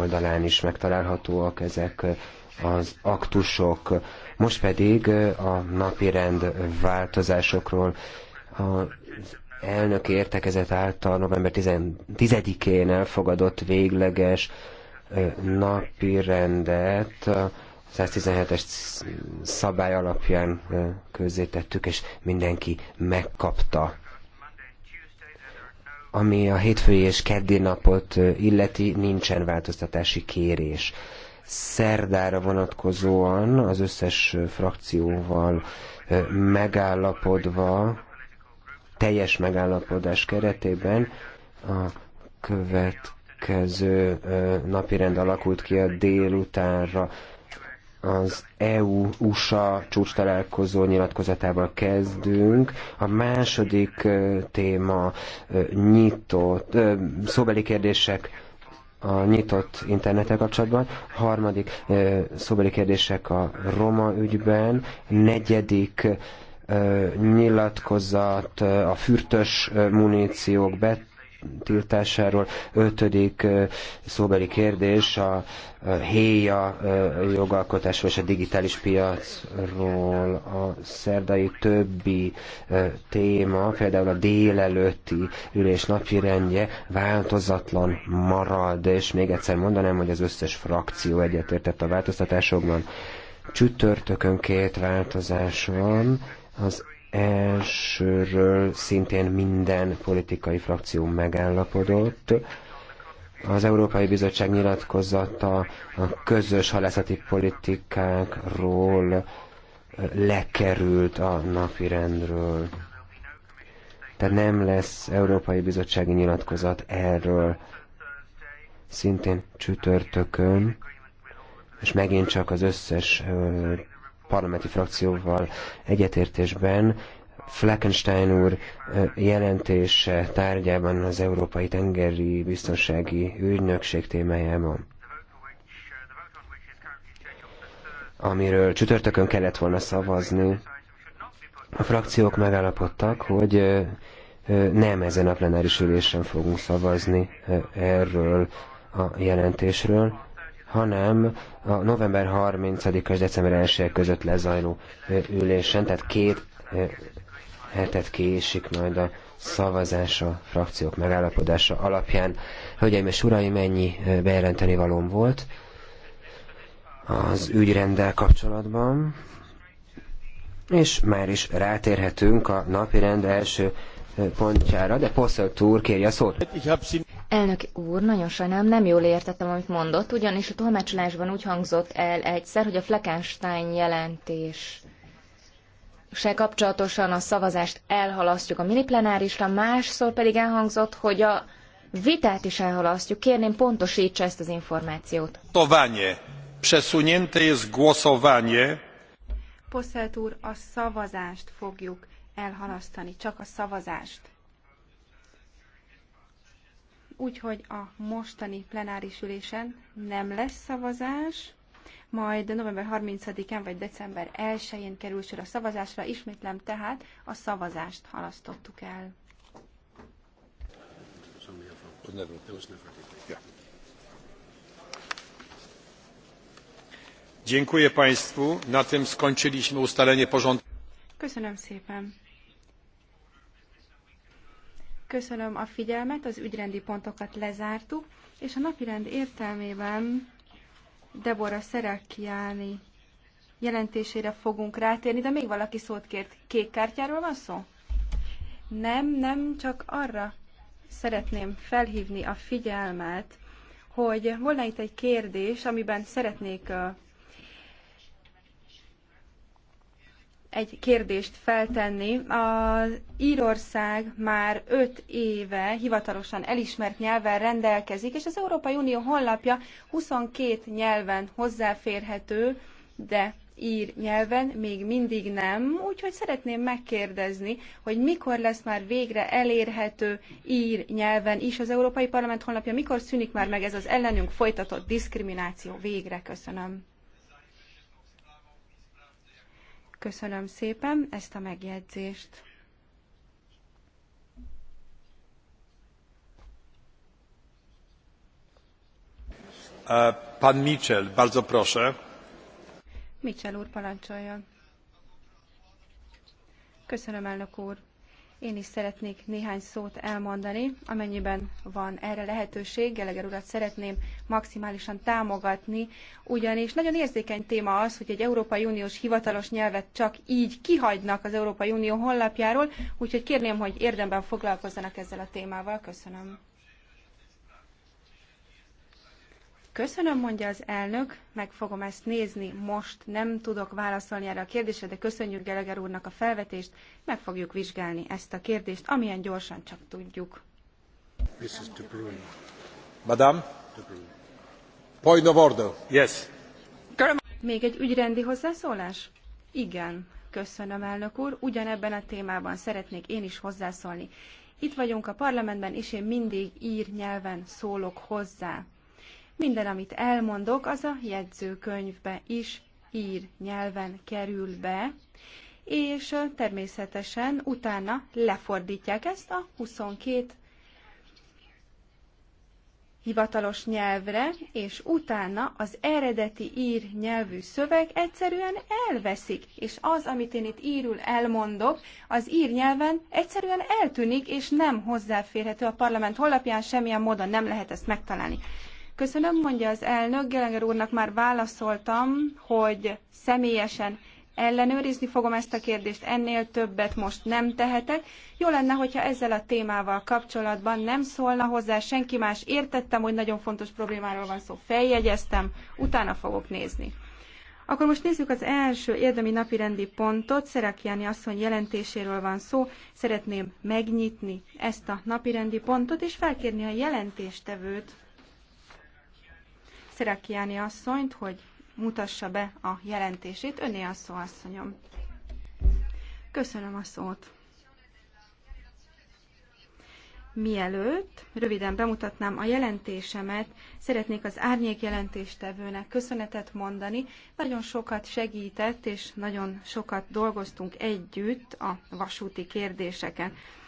oldalán is megtalálhatóak ezek az aktusok. Most pedig a napirend változásokról az elnök értekezet által november 10-én elfogadott végleges napi rendet a 117-es szabály alapján közzétettük, és mindenki megkapta ami a hétfői és keddi napot illeti, nincsen változtatási kérés. Szerdára vonatkozóan az összes frakcióval megállapodva, teljes megállapodás keretében a következő napirend alakult ki a délutánra az EU-USA csúcs találkozó nyilatkozatával kezdünk. A második téma nyitott, szóbeli kérdések a nyitott internetek kapcsolatban, harmadik szóbeli kérdések a roma ügyben, negyedik nyilatkozat a fürtös muníciók bet tiltásáról. Ötödik szóbeli kérdés a héja jogalkotásról és a digitális piacról a szerdai többi téma, például a délelőtti ülés rendje változatlan marad, és még egyszer mondanám, hogy az összes frakció egyetértett a változtatásokban. Csütörtökön két változás van, az elsőről szintén minden politikai frakció megállapodott. Az Európai Bizottság nyilatkozata a közös halászati politikákról lekerült a napirendről. Tehát nem lesz Európai Bizottsági nyilatkozat erről. Szintén csütörtökön, és megint csak az összes parlamenti frakcióval egyetértésben Fleckenstein úr jelentése tárgyában az Európai Tengeri Biztonsági Ügynökség témájában amiről csütörtökön kellett volna szavazni. A frakciók megállapodtak, hogy nem ezen a plenáris ülésen fogunk szavazni erről a jelentésről, hanem a november 30 es december 1 között lezajló ülésen, tehát két hetet késik majd a szavazás a frakciók megállapodása alapján. Hölgyeim és uraim, mennyi bejelenteni valóm volt az ügyrenddel kapcsolatban, és már is rátérhetünk a napirend első pontjára, de Posselt úr kérje a szót. Hát, Elnök úr, nagyon sajnálom, nem jól értettem, amit mondott, ugyanis a tolmácsolásban úgy hangzott el egyszer, hogy a Fleckenstein jelentés se kapcsolatosan a szavazást elhalasztjuk a mini plenárisra, másszor pedig elhangzott, hogy a vitát is elhalasztjuk. Kérném, pontosítsa ezt az információt. Tovanie, Przesunięte jest głosowanie. Poszelt úr, a szavazást fogjuk elhalasztani, csak a szavazást úgyhogy a mostani plenáris ülésen nem lesz szavazás, majd november 30-án vagy december 1-én kerül sor a szavazásra, ismétlem tehát a szavazást halasztottuk el. Dziękuję Państwu. Na tym skończyliśmy ustalenie porządku. Köszönöm szépen. Köszönöm a figyelmet, az ügyrendi pontokat lezártuk, és a napirend értelmében Debora Szerekiáni jelentésére fogunk rátérni, de még valaki szót kért. Kék kártyáról van szó? Nem, nem, csak arra szeretném felhívni a figyelmet, hogy volna itt egy kérdés, amiben szeretnék egy kérdést feltenni. Az Írország már öt éve hivatalosan elismert nyelven rendelkezik, és az Európai Unió honlapja 22 nyelven hozzáférhető, de ír nyelven még mindig nem, úgyhogy szeretném megkérdezni, hogy mikor lesz már végre elérhető ír nyelven is az Európai Parlament honlapja, mikor szűnik már meg ez az ellenünk folytatott diszkrimináció végre. Köszönöm. Köszönöm szépen ezt a megjegyzést. E, pan Mitchell, bardzo proszę. Mitchell úr, parancsoljon. Köszönöm, elnök úr. Én is szeretnék néhány szót elmondani, amennyiben van erre lehetőség. Geleger urat szeretném maximálisan támogatni, ugyanis nagyon érzékeny téma az, hogy egy Európai Uniós hivatalos nyelvet csak így kihagynak az Európai Unió honlapjáról, úgyhogy kérném, hogy érdemben foglalkozzanak ezzel a témával. Köszönöm. Köszönöm, mondja az elnök, meg fogom ezt nézni most. Nem tudok válaszolni erre a kérdésre, de köszönjük Geleger úrnak a felvetést, meg fogjuk vizsgálni ezt a kérdést, amilyen gyorsan csak tudjuk. This is de Bruyne. Madame? De Bruyne. Point of order. Yes. Még egy ügyrendi hozzászólás? Igen, köszönöm, elnök úr. Ugyanebben a témában szeretnék én is hozzászólni. Itt vagyunk a parlamentben, és én mindig ír nyelven szólok hozzá. Minden, amit elmondok, az a jegyzőkönyvbe is ír nyelven kerül be, és természetesen utána lefordítják ezt a 22 hivatalos nyelvre, és utána az eredeti ír nyelvű szöveg egyszerűen elveszik, és az, amit én itt írul elmondok, az ír nyelven egyszerűen eltűnik, és nem hozzáférhető a parlament honlapján, semmilyen módon nem lehet ezt megtalálni. Köszönöm, mondja az elnök. Gelenger úrnak már válaszoltam, hogy személyesen ellenőrizni fogom ezt a kérdést, ennél többet most nem tehetek. Jó lenne, hogyha ezzel a témával kapcsolatban nem szólna hozzá senki más. Értettem, hogy nagyon fontos problémáról van szó, feljegyeztem, utána fogok nézni. Akkor most nézzük az első érdemi napirendi pontot. Jani asszony jelentéséről van szó. Szeretném megnyitni ezt a napirendi pontot, és felkérni a jelentéstevőt, Szirakiáni asszonyt, hogy mutassa be a jelentését. Önné a szó, asszonyom. Köszönöm a szót. Mielőtt röviden bemutatnám a jelentésemet, szeretnék az árnyék jelentéstevőnek köszönetet mondani. Nagyon sokat segített, és nagyon sokat dolgoztunk együtt a vasúti kérdéseken.